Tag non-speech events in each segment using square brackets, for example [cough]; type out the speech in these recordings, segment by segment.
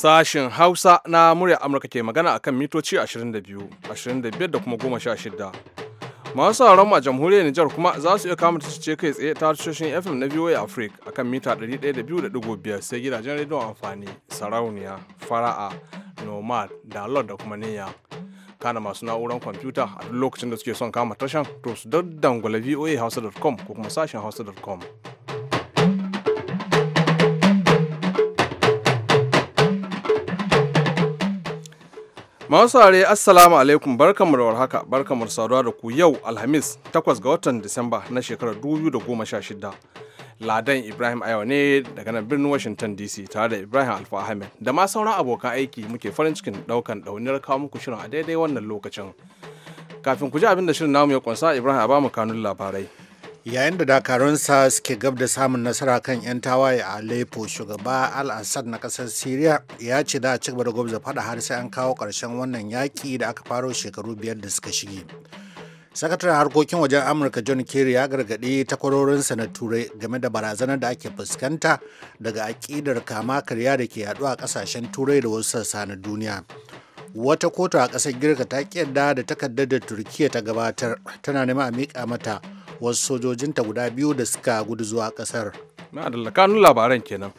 Sashen Hausa na murya Amurka ke magana akan mitoci 22, 25 da kuma 16. Masu sauran a jamhuriyar Nijar kuma za su iya kama ta ce kai tsaye ta tashoshin FM na VOA Africa akan mita 102.5 sai gidajen rediyon amfani, sarauniya, fara'a, nomad, dalot da kuma niyya. kana masu na'urar kwamfuta a duk lokacin da suke son kama tashan to su daddangula hausa.com ko kuma sashen hausa.com. Masu are assalamu alaikum barkanmu da warhaka barkanmu saduwa da ku yau Alhamis takwas ga watan Disamba na shekarar 2016. Ladan Ibrahim Ayo ne daga nan birnin Washington DC tare da Ibrahim Alfa Ahmed da ma sauran abokan aiki muke farin cikin daukan dauniyar kawo muku shirin a daidai wannan lokacin. Kafin ku ji abin da shirin namu ya kunsa Ibrahim a bamu kanun labarai. yayin da dakarunsa suke gab da samun nasara kan 'yan tawaye a Aleppo shugaba al-assad na kasar syria ya ce da a ci gaba da gwabza fada har sai an kawo ƙarshen wannan yaƙi da aka faro shekaru biyar da suka shige sakataren harkokin wajen amurka john kerry ya gargaɗi takwarorinsa na turai game da barazanar da ake fuskanta daga aƙidar kama karya da ke yaɗuwa a ƙasashen turai da wasu sassa na duniya wata kotu a ƙasar girka ta ƙiyarda da takardar da turkiya ta gabatar tana neman a miƙa mata wasu sojojinta guda biyu da suka gudu zuwa kasar na da kanun labaran kenan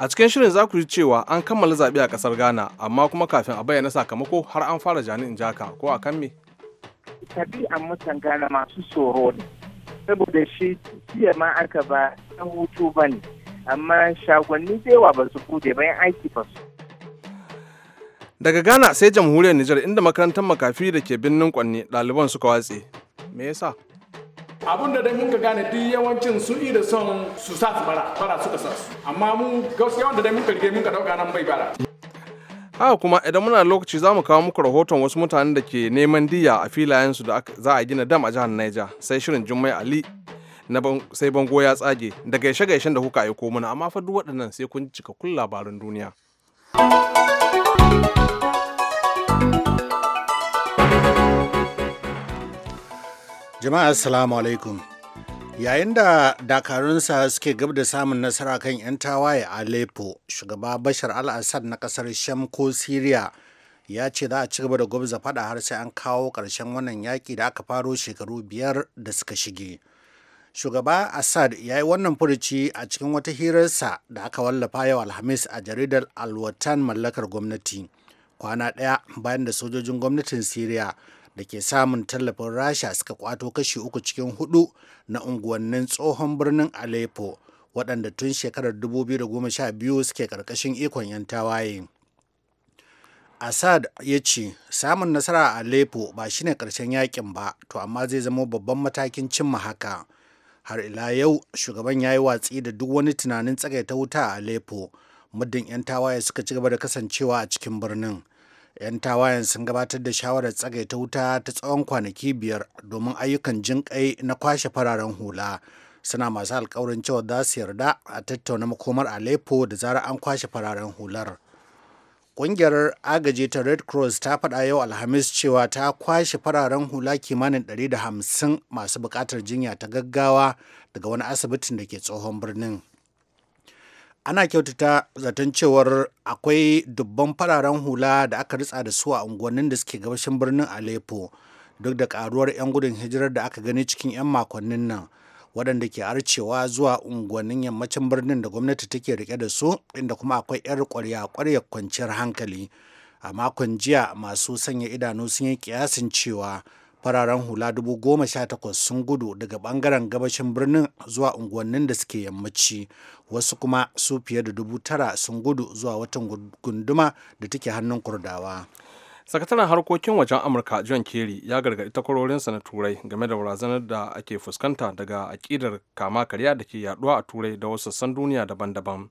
a cikin shirin za ku ji cewa an kammala zaɓe a ƙasar ghana amma kuma kafin a bayyana sakamako har an fara in jaka ko a kan me tabi'an mutan ghana masu tsoro ne saboda shi jiya ma aka ba ta hutu ba ne amma shagonni da yawa ba su bude bayan aiki ba su daga ghana sai jamhuriyar nijar inda makarantar makafi da ke birnin kwanne ɗaliban suka watse me yasa abun da muka gane duk yawancin su yi da son su sa su bara bara suka sa su amma mu gaskiya wanda dai mun rige mun dauka nan bai bara haka kuma idan muna lokaci za mu kawo muku rahoton wasu mutanen da ke neman diya a filayen su da za a gina dam a jihar Niger sai shirin Jummai Ali na sai bango ya tsage da gaishe-gaishen da kuka aiko mana amma fa duk waɗannan sai kun cika cikakkun labarin duniya. Jama'a Assalamu alaikum. Yayin da dakarunsa suke gab da samun nasara kan 'yan tawaye a Aleppo, shugaba Bashar al-Assad na kasar Sham ko Syria ya ce za a ci gaba da gwabza fada har sai an kawo ƙarshen wannan yaƙi da aka faro shekaru biyar da suka shige. Shugaba Assad ya yi wannan furuci a cikin wata hirarsa da aka wallafa yau Alhamis a jaridar Alwatan mallakar gwamnati. Kwana ɗaya bayan da sojojin gwamnatin Syria da ke samun tallafin rasha suka kwato kashi uku cikin hudu na unguwannin tsohon birnin aleppo waɗanda tun shekarar 2012 suke karkashin ikon 'yan tawaye Asad ya ce samun nasara a aleppo ba shine ƙarshen yakin ba to amma zai zama babban matakin cimma haka har ila yau shugaban ya yi watsi da duk wani tunanin tsagaita wuta a aleppo muddin 'yan tawaye suka ci gaba da kasancewa a cikin birnin 'yan tawayen sun gabatar da shawarar tsagaita wuta ta tsawon kwanaki biyar domin ayyukan jinƙai na kwashe fararen hula suna masu alkawarin cewa za su yarda a tattauna makomar aleppo da zarar an kwashe fararen hular ƙungiyar agaji ta red cross ta faɗa yau alhamis cewa ta kwashe fararen hula kimanin 150 masu buƙatar jinya ta gaggawa daga wani asibitin da ke tsohon birnin ana kyautata zaton cewar akwai dubban fararen hula da aka ritsa da su a unguwannin da suke gabashin birnin aleppo duk da karuwar 'yan gudun hijirar da aka gani cikin 'yan makonnin nan waɗanda ke arcewa zuwa unguwannin yammacin birnin da gwamnati take rike da su inda kuma akwai 'yar kwarya-kwarya kwanciyar hankali a makon jiya masu sanya idanu sun yi kiyasin cewa fararen hula dubu goma sha takwas sun gudu daga bangaren gabashin birnin zuwa unguwannin da suke yammaci wasu kuma su fiye da dubu tara sun gudu zuwa watan gunduma da take hannun kurdawa sakataren harkokin wajen amurka john kerry ya gargaɗi takwarorinsa na turai game da barazanar da ake fuskanta daga aƙidar kama karya da ke yaduwa a turai da wasu sassan duniya daban-daban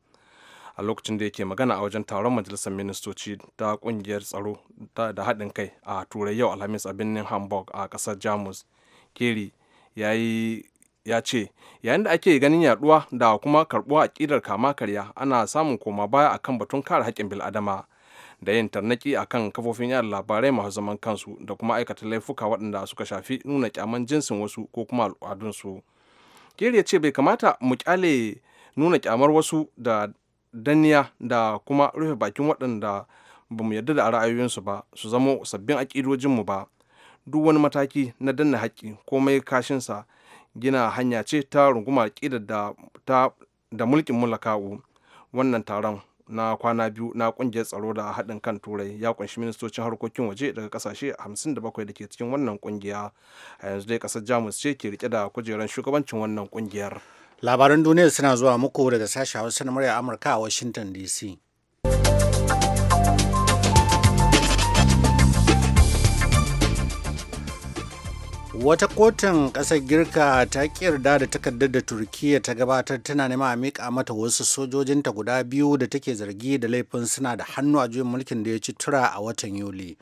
a lokacin da yake magana a wajen taron majalisar ministoci ta kungiyar tsaro da haɗin kai a turai yau alhamis a birnin hamburg a ƙasar jamus keri ya ce yayin da ake ganin yaduwa da kuma karbuwa aƙidar kama karya ana samun koma baya akan batun kare haƙƙin bil'adama da yin tarnaki akan kafofin yada labarai masu zaman kansu da kuma aikata laifuka waɗanda suka shafi nuna kyaman jinsin wasu ko kuma al'adunsu keri ya ce bai kamata mu kyale nuna kyamar wasu da danniya da kuma rufe bakin waɗanda ba mu yarda da ra'ayoyinsu ba su zama sabbin aƙidojinmu ba duk wani mataki na danna haƙƙi komai kashinsa gina hanya ce ta runguma aƙidar da, da mulkin mulakawu wannan taron na kwana biyu na kungiyar tsaro da haɗin kan turai ya kunshi ministocin harkokin waje daga ƙasashe 57 da ke cikin wannan kungiya a yanzu dai ƙasar jamus ce ke rike da kujerar shugabancin wannan kungiyar. Labaran duniya suna zuwa muku daga sashen Hausa na murya Amurka a Washington DC. Wata kotun ƙasar Girka ta yarda da takardar da Turkiyya ta gabatar tana nema a miƙa mata wasu sojojinta guda biyu da take zargi da laifin suna da hannu a juyin mulkin da ya ci tura a watan Yuli.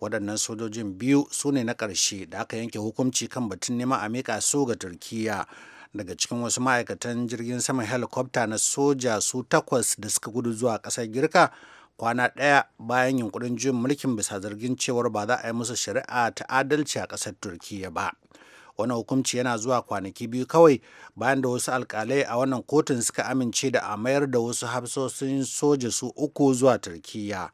Waɗannan sojojin biyu su ne na ƙarshe da aka yanke hukunci kan batun nema a miƙa su ga Turkiyya. daga cikin wasu ma'aikatan jirgin saman helikopta na soja su takwas da suka gudu zuwa ƙasar girka kwana ɗaya bayan yunkurin juyin mulkin bisa zargin cewar ba za a yi musu shari'a ta adalci a ƙasar turkiya ba wani hukunci yana zuwa kwanaki biyu kawai bayan da wasu alkalai a wannan kotun suka amince da a mayar da wasu hafsoshin soja su uku zuwa turkiya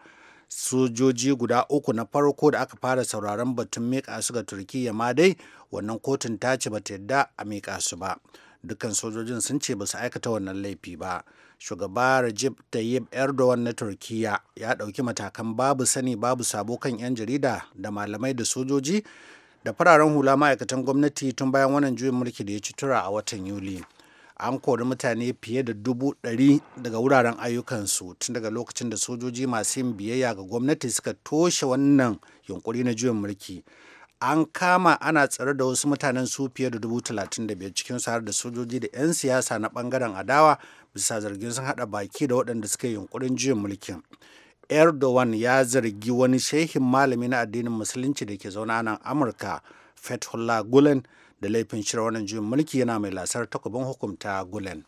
sojoji guda uku na farko da aka fara sauraron batun miƙa su ga turkiyya ma dai wannan kotun ta ce bata yadda a miƙa su ba dukkan sojojin sun ce ba su aikata wannan laifi ba shugaba rajib Tayyip Erdogan na Turkiyya ya ɗauki matakan babu sani babu sabo kan 'yan jarida da malamai da sojoji da fararen hula ma'aikatan gwamnati tun bayan wannan juyin mulki da ya ci tura a watan Yuli. an kori mutane fiye da dubu ɗari daga wuraren ayyukansu tun daga lokacin da sojoji masu yin biyayya ga gwamnati suka toshe wannan yunkuri na juyin mulki an kama ana tsare da wasu mutanen su fiye da dubu talatin da biyar cikin har da sojoji da 'yan siyasa na bangaren adawa bisa zargin sun haɗa baki da waɗanda suka yi yunkurin juyin mulkin erdogan ya zargi wani shehin malami na addinin musulunci da ke zaune a nan amurka fethullah gulen da laifin cire wannan juyin mulki yana mai lasar takobin hukumta gulen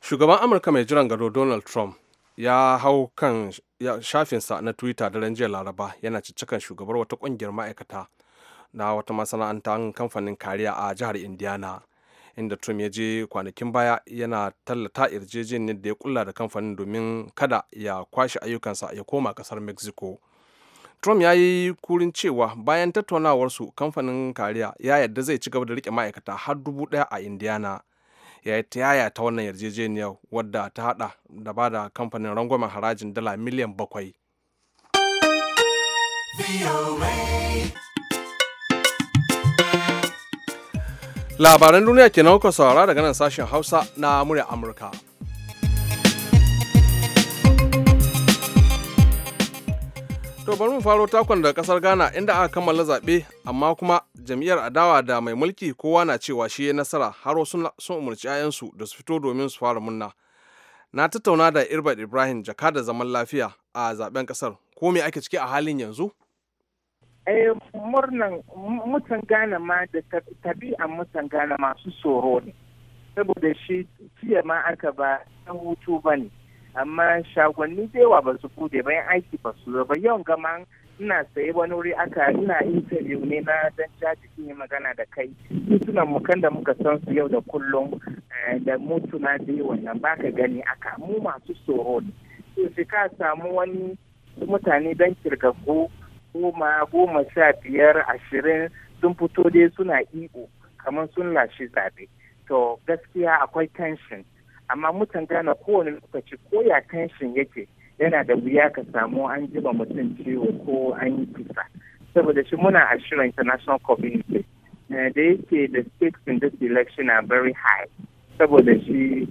shugaban amurka mai jiran gado donald trump ya hau kan shafinsa na twitter daren jiya laraba yana ciccikan shugabar wata kungiyar ma'aikata na wata masana'antar kamfanin kariya a jihar indiana inda trump ya je kwanakin baya yana tallata yarjejeniyar da ya kula da kamfanin domin kada ya kwashe ayyukansa ya koma kasar mexico trump ya yi kurin cewa bayan tattaunawarsu kamfanin kariya ya yadda zai ci gaba da rike ma'aikata har dubu daya a indiana ya yi ta yaya ta wannan yarjejeniyar wadda ta hada da ba da kamfanin rangwamen harajin dala miliyan bakwai labaran duniya ke kuka saurara daga nan sashen hausa na murya amurka To bari mu faro takon daga kasar Ghana inda aka kammala zaɓe amma kuma jam'iyyar adawa da mai mulki kowa na cewa shi ya nasara har wasu sun umarci 'ya'yansu da su fito domin su fara munna. Na tattauna da Irbad Ibrahim jaka da zaman lafiya a zaben kasar ko me ake ciki a halin yanzu? Eh murnan mutan Ghana ma da tabi'an mutan Ghana masu tsoro ne. Saboda shi jiya ma aka ba hutu bane amma shagonni da yawa ba su bude bayan aiki ba su ba yau gama ina saye wani wuri aka ina interview ne na dan caji yi magana da kai titunan mu da muka san su yau da kullum eh, da mutu na da wannan baka gani aka mu masu tsoro ne sai ka samu wani mutane dan kirgaggo goma goma sha biyar ashirin sun fito dai suna iko kamar sun lashe zabe to gaskiya akwai tension amma mutan gane kowane lokaci ko ya kanshin yake yana da wuya ka samu an jiba mutum ciwo ko an yi kisa saboda shi muna ashirin international community eh, da yake the stakes in this election are very high saboda shi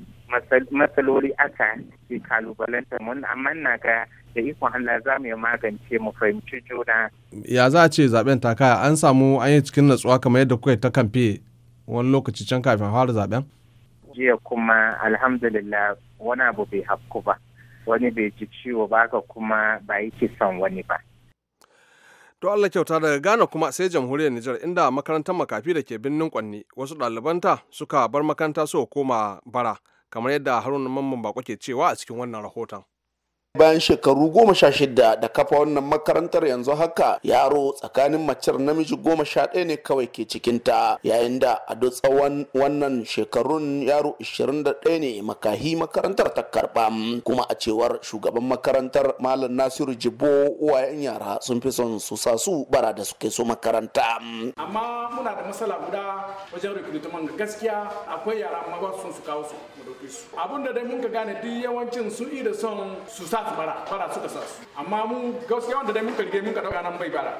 matsaloli aka ke kalubalanta mun amma na ga da ikon Allah za mu yi magance mu fahimci juna. Ya za a ce zaben takaya an samu an yi cikin natsuwa kamar yadda kuka ta kamfe wani lokaci can kafin fara zaben? jiya kuma alhamdulillah wani abu bai hafku ba wani bai ji ciwo ba ka kuma ba yi kisan wani ba to Allah kyauta daga Ghana kuma sai jamhuriyar Nijar inda makarantar makafi da ke birnin Kwanni wasu ɗalibanta suka bar makaranta su koma bara kamar yadda Haruna Mamman Bako ke cewa a cikin wannan rahoton. bayan shekaru goma sha shida da kafa wannan makarantar yanzu haka yaro tsakanin macer namiji goma sha ɗaya ne kawai ke cikinta yayin da a duk tsawon wannan shekarun yaro ishirin da ɗaya ne makahi makarantar ta karba kuma a cewar shugaban makarantar malam nasiru jibo uwayen yara sun fi son su sa su bara da suke so makaranta. amma muna da matsala guda wajen recruitment gaskiya akwai yara amma ba su kawo su mu dauke su da dai mun ka gane duk yawancin su da son su sa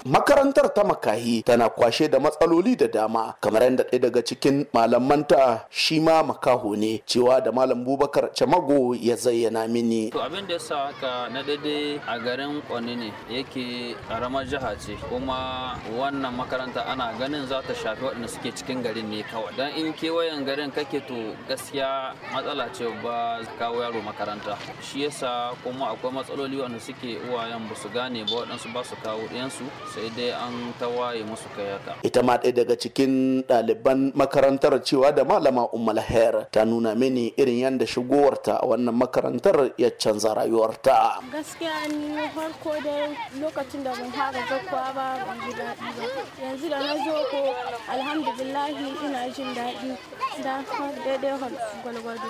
makarantar ta makahi tana kwashe da matsaloli da dama kamar yadda ɗaya daga cikin malamanta shi ma makaho ne cewa da malam Bubakar Chamago ya zayyana mini to abin da yasa ka na daidai a garin Kwani ne yake karamar jiha ce kuma wannan makaranta ana ganin za ta shafi waɗanda suke cikin garin ne kawai dan in kewayen garin kake to gaskiya matsala ce ba kawo yaro makaranta shi yasa kuma akwai matsaloli wanda suke uwayen ba su gane ba waɗansu ba su kawo ɗiyansu sai dai an tawaye musu kai ita ma ɗaya daga cikin ɗaliban makarantar cewa da malama ummal hair ta nuna mini irin yadda shigowarta a wannan makarantar ya canza rayuwarta. gaskiya ni farko da lokacin da ban fara zakwa ba ban ji daɗi ba yanzu da na zo ko alhamdulillahi ina jin daɗi da daidai gwalgwado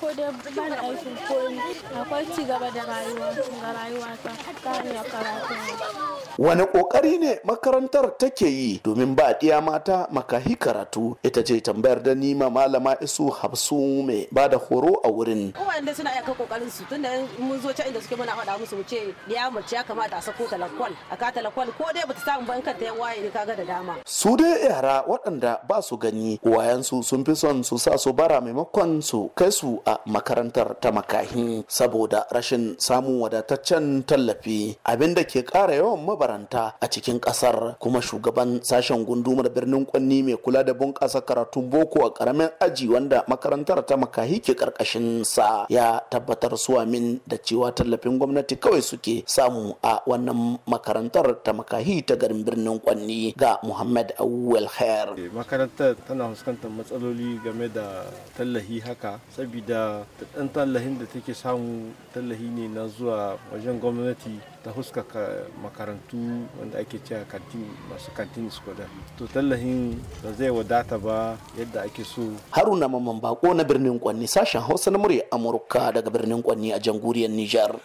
ko dai aikin koyi akwai ci da rayuwa ga rayuwa ta ta wani kokari ne makarantar take yi domin ba ɗiya mata makahi karatu ita ce tambayar da nima malama isu hafsu mai ba da horo a wurin wanda suna aika kokarin su tunda mun zo can inda suke muna faɗa musu mu ce ɗiya mace ya kamata a sako talakwal a ka talakwal ko dai bata samu ban ta ya waye ne kaga da dama su dai yara waɗanda ba su gani wayansu sun fi so son su sa su bara maimakon su kai su a makarantar ta makahi saboda rashin samun wadataccen tallafi abin da ke kara yawan mabaranta a cikin kasar kuma shugaban sashen gundumar birnin kwanni mai kula da bunƙasa karatun boko a karamin aji wanda makarantar ta makahi ke karkashin sa ya tabbatar suwa min da cewa tallafin gwamnati kawai suke samu a wannan makarantar ta makahi ta garin birnin kwanni ga muhammad awuwal khair makarantar tana fuskantar matsaloli game da tallahi haka saboda ɗan tallahin da take samu tallahi ne na zuwa wajen gwamnati ta huskaka makarantu wanda ake cewa kantin masu kantin skoda to tallahin ba zai wadata ba yadda ake so haruna mamman bako na birnin kwanni sashen hausa na murya amurka daga birnin kwanni a jamhuriyar nijar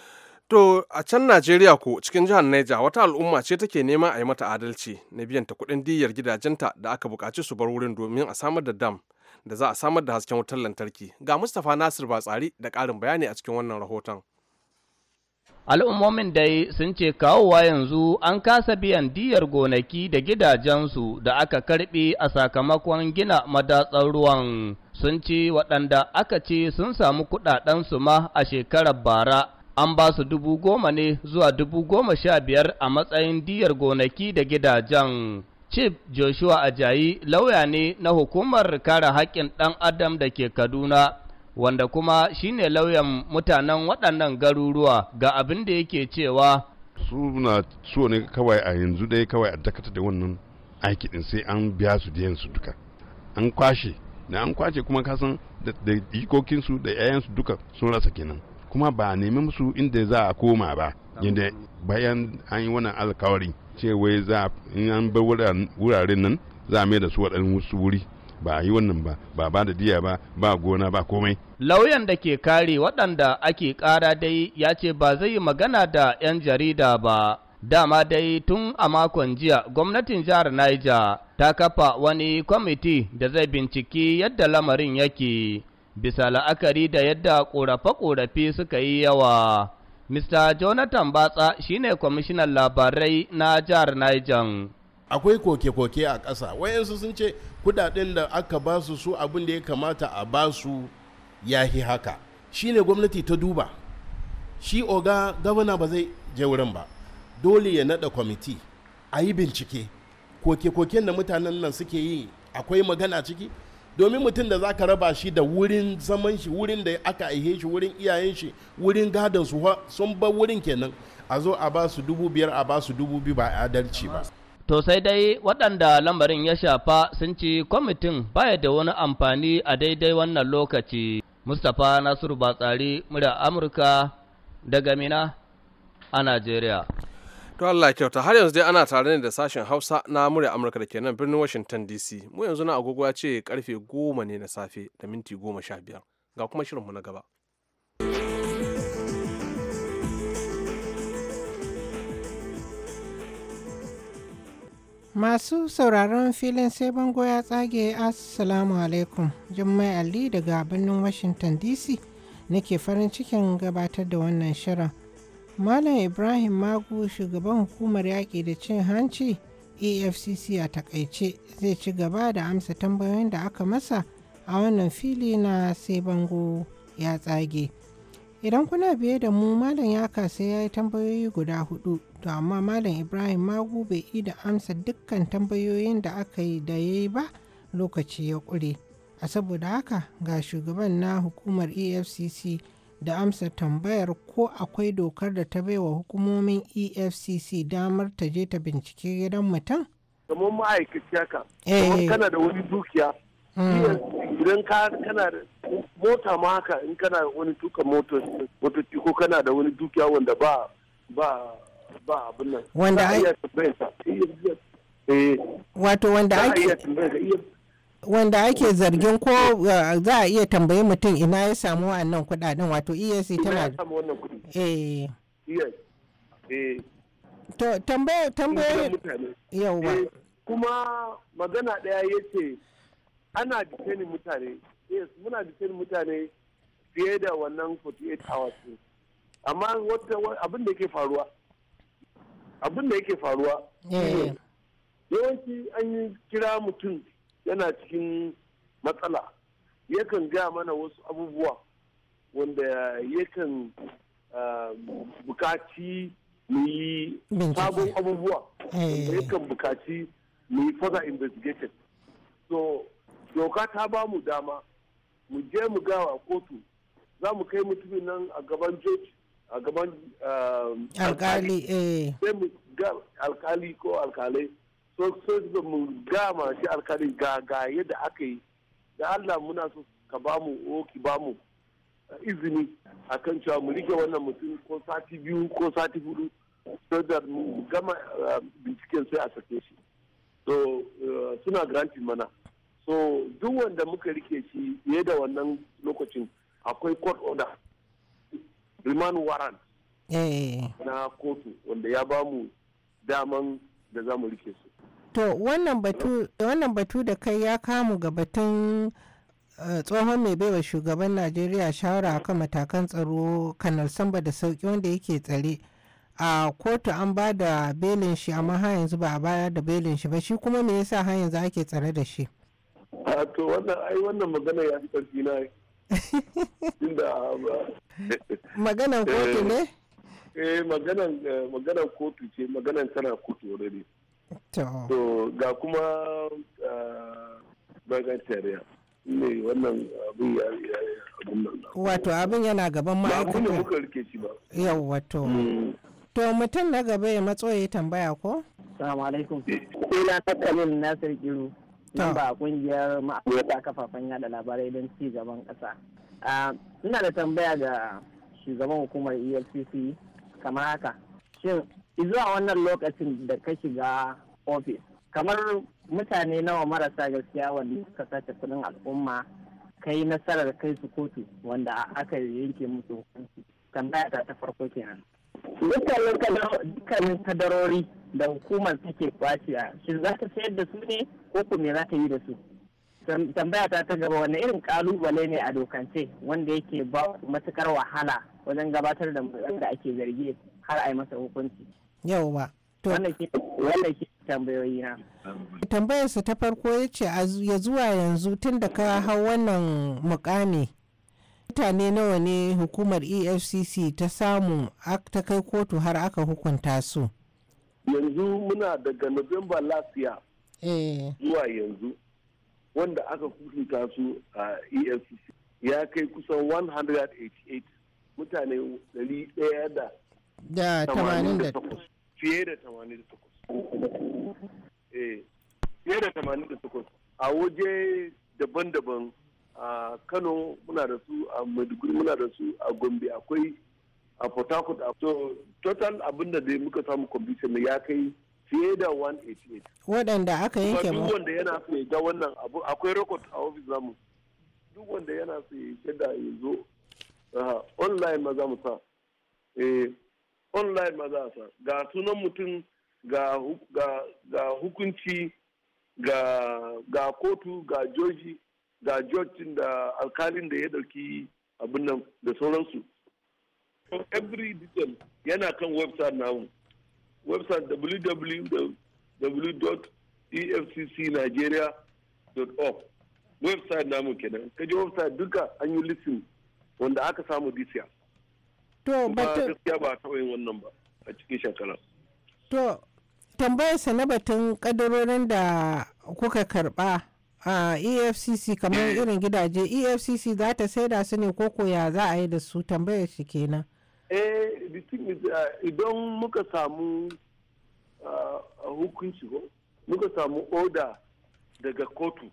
To a can Najeriya ko cikin jihar naija wata al'umma ce take nema a yi mata adalci na biyan ta kuɗin diyyar gidajenta da aka bukaci su bar wurin domin a samar da dam da za a samar da hasken wutar lantarki ga mustapha nasir batsari da ƙarin bayani a cikin wannan rahoton al'ummomin dai sun ce kawowa yanzu an kasa biyan diyar gonaki da gidajensu da aka karbi a sakamakon gina madatsar ruwan sun ce waɗanda aka ce sun samu kuɗaɗensu ma a shekarar bara an ba su dubu goma ne zuwa dubu goma sha biyar a matsayin diyar gonaki da gidajen Chief Joshua Ajayi lauya ne na hukumar kare haƙƙin ɗan adam da ke Kaduna wanda kuma shine lauyan mutanen waɗannan garuruwa ga abin da yake cewa suna so ne kawai a yanzu dai kawai a dakata da wannan aiki ɗin sai an biya su da yansu duka an kwashe da an kwashe kuma kasan da ikokinsu da 'ya'yansu duka sun rasa kenan kuma ba a nemi musu inda za a koma ba yadda bayan an yi wannan alkawari ce wai za in an bar wuraren nan za a mai da su wasu wuri ba a yi wannan ba ba ba da diya ba ba gona ba komai. Lauyan da ke kare waɗanda ake ƙara dai ya ce ba zai yi magana da 'yan jarida ba. Dama dai tun a makon jiya gwamnatin jihar Niger ta kafa wani kwamiti da zai binciki yadda lamarin yake bisa la'akari da yadda ƙorafe-ƙorafe suka yi yawa. Mr. Jonathan Batsa shine kwamishinan labarai na jihar Niger. Akwai koke-koke a ƙasa, wayansu sun ce kudaden da aka ba su su abin da ya kamata a ba su yahi haka. Shi ne gwamnati ta duba, shi oga gavana ba zai je wurin ba, dole ya naɗa kwamiti, a yi bincike, koke-koken da mutanen nan suke yi akwai magana ciki? domin mutum da za ka raba shi da wurin zaman shi wurin da aka aihe shi wurin iyayen shi wurin gadon su sun bar wurin kenan a zo a ba su dubu biyar a ba su dubu biyu ba adalci ba to sai dai waɗanda lamarin ya shafa sun ci kwamitin baya da wani amfani a daidai wannan lokaci mustapha nasiru batsari murya amurka daga mina a najeriya To Allah kyauta har yanzu dai ana tare ne da sashen Hausa na murya Amurka da kenan birnin Washington DC. Mu yanzu na agogo ya ce karfe goma ne na safe da minti goma sha biyar. Ga kuma shirinmu na gaba. Masu sauraron filin sai bango ya tsage Assalamu alaikum. Jummai Ali daga birnin Washington DC nake farin cikin gabatar da wannan shirin. Malam Ibrahim Magu shugaban hukumar yaƙi da cin hanci EFCC a takaice zai ci gaba da amsa tambayoyin da aka masa a wannan fili na sai bango ya tsage. Idan kuna biye da mu malam ya kasa ya yi tambayoyi guda hudu to amma malam Ibrahim Magu bai yi da amsa dukkan tambayoyin da aka yi da ya yi ba lokaci ya ƙure. A saboda haka ga shugaban na hukumar EFCC da amsa tambayar ko akwai dokar da ta baiwa hukumomin efcc damar ta je ta bincike gidan mutum? kamar ma'aikaci haka eh. kamar kana da wani dukiya hmm. idan kana da mota ma haka in kana da wani tuka mota ko kana da wani dukiya wanda ba ba ba abin nan wanda ai wato wanda ake wanda ake zargin ko uh, za a iya tambayi mutum ina ya samu wannan kudaden wato EAC tana Na samu wannan kudi eh e eh to tambaye tambaye yawa eh, kuma magana daya yace ana detaining mutane yes muna detaining mutane fiye da wannan 48 hours amma abin da yake faruwa abin da yake faruwa eh. yawanci an yi kira mutum yana cikin matsala yakan gaya mana wasu abubuwa wanda yakan um, bukaci mu yi sabon abubuwa wanda eh. yakan bukaci mu yi further investigation so doka ta ba mu dama mu je mu gawa kotu za mu kai mutumin nan a gaban george a gaban um, eh. alkali ko alkalai so sai da mu gama shi alkalin ga ga yadda aka yi da Allah muna so ka ba mu oki ki ba mu uh, izini akan cewa mu rike wannan mutum ko sati biyu ko sati hudu so da mu gama uh, binciken sai a sake shi so uh, suna granting mana so duk wanda muka rike shi fiye da wannan lokacin akwai court order remand warrant eh. na kotu wanda ya ba mu daman da za mu rike su to wannan batu da kai ya kamu ga batun eh, tsohon mai baiwa shugaban najeriya shawara akan matakan tsaro kanar samba da sauki wanda yake tsare a kotu an ba da belin shi amma har yanzu ba a bayar da belin shi ba shi kuma me yasa har yanzu ake tsare da shi to wannan ai wannan magana ya fi karfi na [laughs] inda maganan kotu ne eh, eh, eh maganan kotu ce maganan tana kotu already to ga kuma bankan ah, ne wannan abin ya wato abin yana gaban ma'aikata ba muka rike shi ba yau wato mm. to mutum na gaba ya matso ya tambaya ko assalamu alaikum ko eh. na kalin nasir kiru nan ba kungiyar ma'aikata kafafen yada labarai don ci gaban kasa ah, ina da tambaya ga shugaban hukumar efcc kamar haka shin zuwa wannan lokacin da ka shiga ofis kamar mutane nawa marasa gaskiya wanda suka sace kudin al'umma kai nasarar kai su kotu wanda aka yanke musu hukunci kan ta ta farko kenan dukkanin kadarori da hukumar take a shi za ta sayar da su ne ko kuma za ta yi da su tambaya ta ta gaba wani irin kalubale ne a dokance wanda yake ba matukar wahala wajen gabatar da da ake zargi har a yi masa hukunci yauwa wannan tambayoyi na tambayarsa ta farko ya ce ya zuwa yanzu tun da ka hau wannan mukami mutane nawa ne hukumar efcc ta samu ta kai kotu har aka hukunta su yanzu muna daga november last year eh. zuwa yanzu wanda aka hukunta su a efcc ya kai kusan 188 mutane 100 da da 88 fiye da 88 eh fiye da 88 a waje daban-daban a Kano muna da su a Maiduguri muna da su a Gombe akwai a Port Harcourt a so total abinda da muka samu kwamfuta ya kai fiye da 188 waɗanda aka yanke duk wanda yana su ya ga wannan abu akwai record a ofis zamu duk wanda yana su ya da ya zo online ma za mu sa eh online ma za sa ga sunan mutum ga hukunci ga kotu ga joji ga jojin da alkalin da ya dauki abin nan da sauransu so every detail yana kan website namu website www.efccnigeria.org website namu kenan kaji website duka an yi listin wanda aka samu this To ta gaskiya ba taɓa yin wannan ba a cikin shekara. To tambayar sa na batun kadarorin da kuka karba a EFCC kamar [coughs] irin gidaje EFCC za ta saida su ne ko koya za a yi da su tambayar shi kenan. Eh uh, idan muka samu uh, hukunci ko muka samu oda daga kotu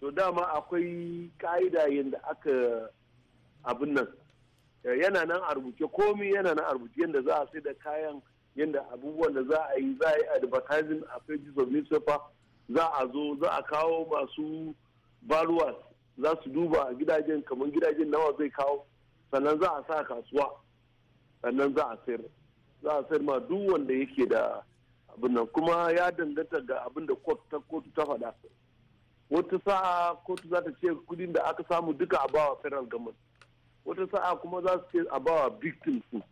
to dama akwai ka'ida yadda aka abin nan Eh, yana nan a rubuce komi yana nan a rubuce yadda za a sai da kayan yadda abubuwan da za a yi za a yi advertising a pages of newspaper za a zo za a kawo masu baluwa za su duba a gidajen kamar gidajen nawa zai kawo sannan za a sa kasuwa sannan za a sayar za a sayar ma duk wanda yake da abin nan kuma ya danganta ga abin da kotu ta faɗa wata sa'a kotu za ta ce kudin da aka samu duka a bawa federal government wata sa'a kuma za su ce a bawa victims su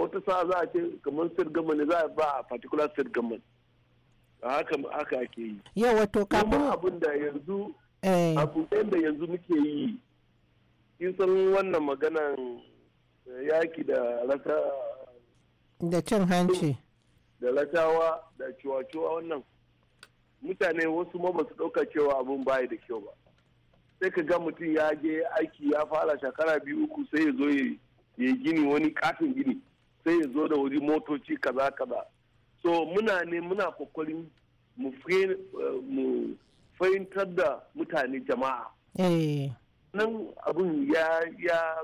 wata sa'a za a ce kamar state government ne za a ba a particular state government haka haka ake yi yau wato kamar abin da yanzu eh. abu da yanzu muke yi kin san wannan maganan eh, yaki da rasa da cin hanci da latawa da ciwa-ciwa wannan mutane wasu ma ba su ɗauka cewa abin bayi da kyau ba sai ka ga mutum ya je aiki ya fara shekara biyu uku sai ya zo ya gini wani katin gini sai ya zo da wuri motoci kaza kaza so muna ne muna kokarin mu fahimtar da mutane jama'a eh. nan abin ya ya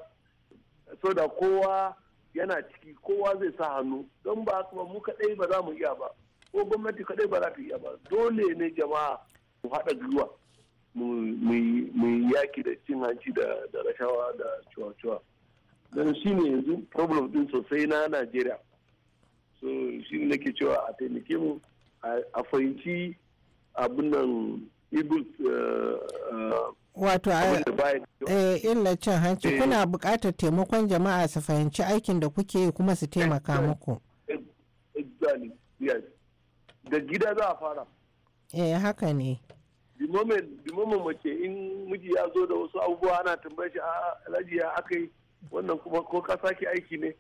so da kowa yana ciki kowa zai sa hannu don ba haka ba mu kaɗai ba za mu iya ba ko gwamnati kaɗai ba za ta iya ba dole ne jama'a mu haɗa gwiwa mu yi yaki da cin hanci da rashawa da cuwa-cuwa don shi ne yanzu problem din sosai na najeriya so shi ne nake cewa a taimake mu a fahimci abin nan ibus eh, eh, wato eh, illa cin hanci kuna buƙatar taimakon jama'a su fahimci aikin da kuke yi kuma su taimaka muku da gida za a fara eh haka ne the moment the moment mace in miji ya zo da wasu abubuwa ana tambayar shi a alhaji ya aka yi wannan kuma ko ka sake aiki ne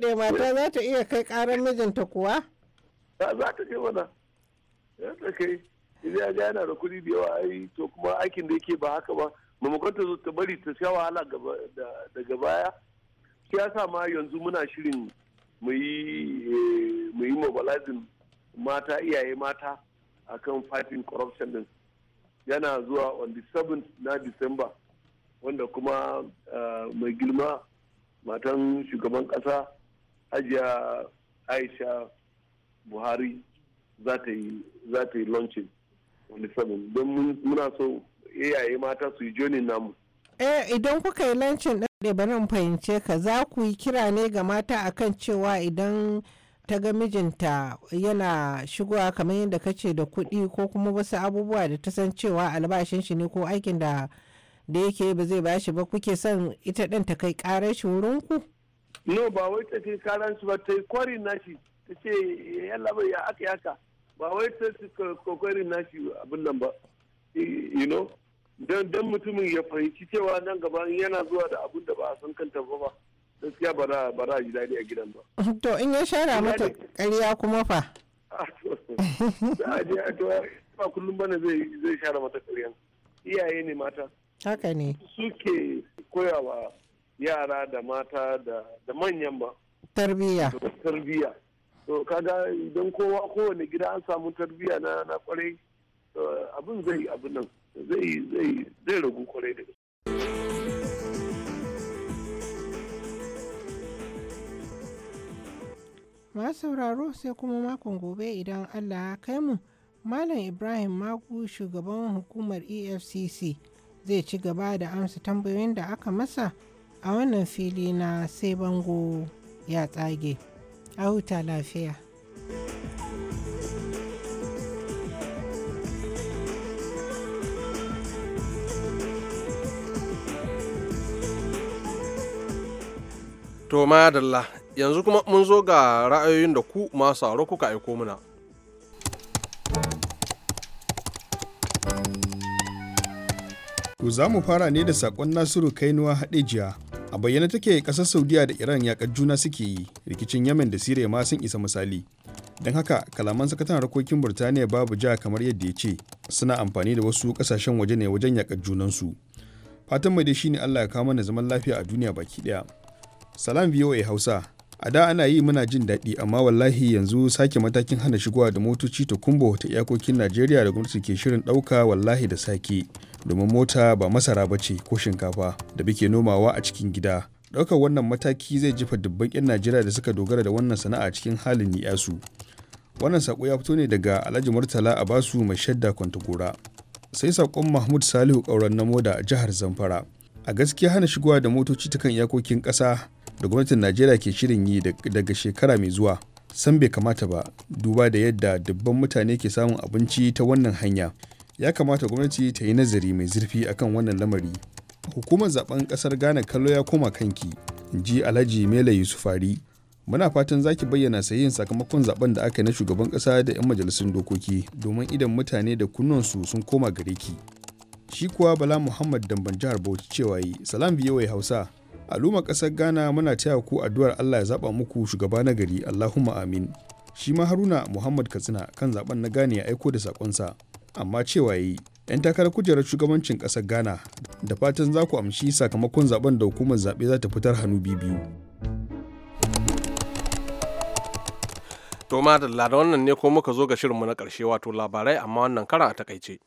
da [laughs] mata za ta iya kai karar mijinta kuwa za ta je mana ya ta kai idan ya yana da kuɗi da yawa ai to kuma aikin da yake ba haka ba mamakon ta zo ta bari ta sha wahala daga baya shi ya sa ma yanzu muna shirin mu yi eh, mobilizing mata iyaye mata akan fighting corruption din yana zuwa on the 7th na December wanda kuma uh, mai girma matan shugaban kasa hajiya aisha buhari za ta yi launching on the 7th don muna so iyaye mata su yi jonin namu eh idan kuka yi lancin ɗin da bari fahimce ka za ku yi kira ne ga mata akan cewa idan ta ga mijinta yana shigowa kamar yadda ka ce da kuɗi ko kuma wasu abubuwa da ta san cewa albashin shi ne ko aikin da da yake ba zai ba shi ba kuke son ita ɗin ta kai ƙarar shi wurin ku? no ba wai ta kai ƙarar shi ba ta yi kwari na shi ta ce yalla ba ya aka yaka ba wai ta kokari na shi abin nan ba you know don mutumin ya fahimci cewa nan gaba yana zuwa da abin da ba a san kanta ba ba gaskiya ba za a ji daɗi a gidan ba [laughs] to in ya shara mata ƙarya kuma fa [laughs] a je a to ba kullum bane zai zai share mata ƙaryan iyaye ne mata haka ne suke koyawa yara da mata da manyan ba tarbiyya tarbiyya to kaga idan kowa kowane gida an samu tarbiyya na na kwarai abin zai abin nan zai zai zai ragu kwarai da gaske masu sauraro sai kuma makon gobe idan allah ya kai mu malam ibrahim magu shugaban hukumar efcc zai ci gaba da amsa tambayoyin da aka masa a wannan fili na sai bango ya tsage a huta lafiya to madalla yanzu kuma mun zo ga ra'ayoyin da ku masu aro kuka aiko muna. To za mu fara ne da sakon Nasiru Kainuwa jiya, A bayyana take ƙasar Saudiya da Iran yaƙar juna suke yi, rikicin Yemen da Siriya ma sun isa misali. Don haka kalaman sakataren harkokin Burtaniya babu ja kamar yadda ya ce, suna amfani da wasu ƙasashen waje ne wajen yaƙar junansu. Fatan mai da shi ne Allah ya kawo mana zaman lafiya a duniya baki ɗaya. Salam VOA Hausa, a da ana yi muna jin daɗi amma wallahi yanzu sake matakin hana shigowa da motoci ta kumbo ta iyakokin najeriya da gwamnati ke shirin ɗauka wallahi da sake domin mota ba masara ba ce ko shinkafa da bike nomawa a cikin gida ɗaukar wannan mataki zai jefa dubban 'yan najeriya da suka dogara da wannan sana'a cikin halin ni'yasu wannan sako ya fito ne daga alhaji murtala a basu mai shadda kwantagora sai sakon mahmud salihu ƙauren namoda a jihar zamfara a gaskiya hana shigowa da motoci ta kan iyakokin ƙasa da gwamnatin najeriya ke shirin yi daga shekara mai zuwa san bai kamata ba duba da yadda dubban mutane ke samun abinci ta wannan hanya ya kamata gwamnati ta yi nazari mai zurfi akan wannan lamari hukumar zaben kasar ghana kallo ya koma kanki ji alhaji mela yusufari muna fatan zaki bayyana sayin sakamakon zaben da aka yi na shugaban kasa da 'yan majalisun dokoki domin idan mutane da kunnansu sun koma gare ki shi kuwa bala muhammad damban jihar bauchi cewa yi salam biyawai hausa al'ummar ƙasar ghana muna taya ku addu'ar allah ya zaɓa muku shugaba na gari allahumma amin shi ma haruna muhammad katsina kan zaben na ghana ya aiko da sakonsa amma cewa yi yan takarar kujerar shugabancin ƙasar ghana da fatan za ku amshi sakamakon zaben da hukumar zaɓe za ta fitar hannu biyu to ma da wannan ne ko muka zo ga shirinmu na karshe wato labarai amma wannan karan a takaice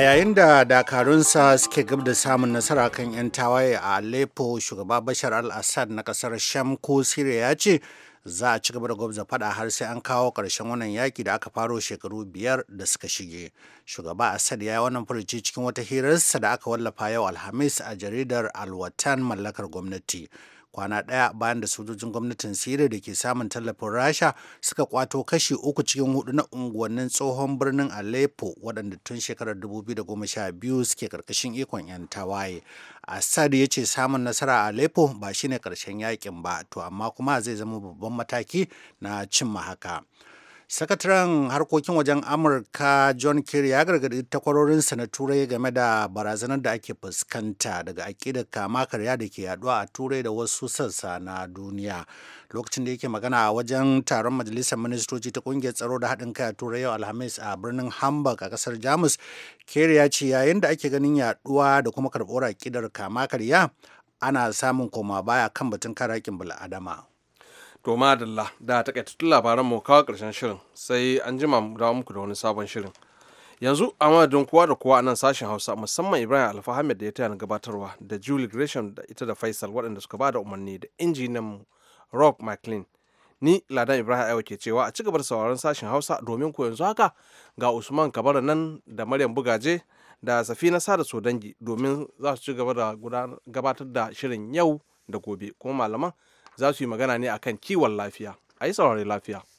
a yayin da dakarunsa suke gab da samun nasara kan 'yan tawaye a aleppo shugaba bashar al-assad na kasar sham ko siriya ya ce za a ci gaba da gwabza fada har sai an kawo ƙarshen wannan yaki da aka faro shekaru biyar da suka shige shugaba assad ya yi wannan furuci cikin wata hirarsa da aka wallafa yau alhamis a jaridar alwatan mallakar gwamnati kwana ɗaya bayan da sojojin gwamnatin siriya da ke samun tallafin rasha suka kwato kashi uku cikin hudu na unguwannin tsohon birnin aleppo waɗanda tun shekarar 2012 suke karkashin ikon 'yan tawaye assad ya ce samun nasara a aleppo ba shine karshen yakin ba to amma kuma zai zama babban mataki na cimma haka sakataren harkokin wajen amurka john kerry ya gargaɗi takwarorinsa na turai game da barazanar da ake fuskanta daga aƙidar kama karya da ke yaduwa a turai da wasu sassa na duniya lokacin da yake magana a wajen taron majalisar ministoci ta kungiyar tsaro da haɗin kai a turai yau alhamis a birnin hamburg a ƙasar jamus kerry ya ce yayin da ake ganin yaduwa da kuma karɓar aƙidar kama karya ana samun koma baya kan batun kare haƙƙin bil'adama to madalla da takaitattun labaran mu kawo karshen shirin sai an jima mu dawo muku da wani sabon shirin yanzu a madadin kowa da kowa a nan sashen hausa musamman ibrahim alfahamed da ya taya gabatarwa da julie gresham da ita da faisal waɗanda suka ba da umarni da Injinan mu rob mclean ni ladan ibrahim aiwa ke cewa a cigaba da sauraron sashen hausa domin ko yanzu haka ga usman kabara nan da maryam bugaje da safina sada sodangi domin za su ci gaba da gabatar da shirin yau da gobe kuma malaman za su yi magana ne akan kiwon lafiya a yi saurari lafiya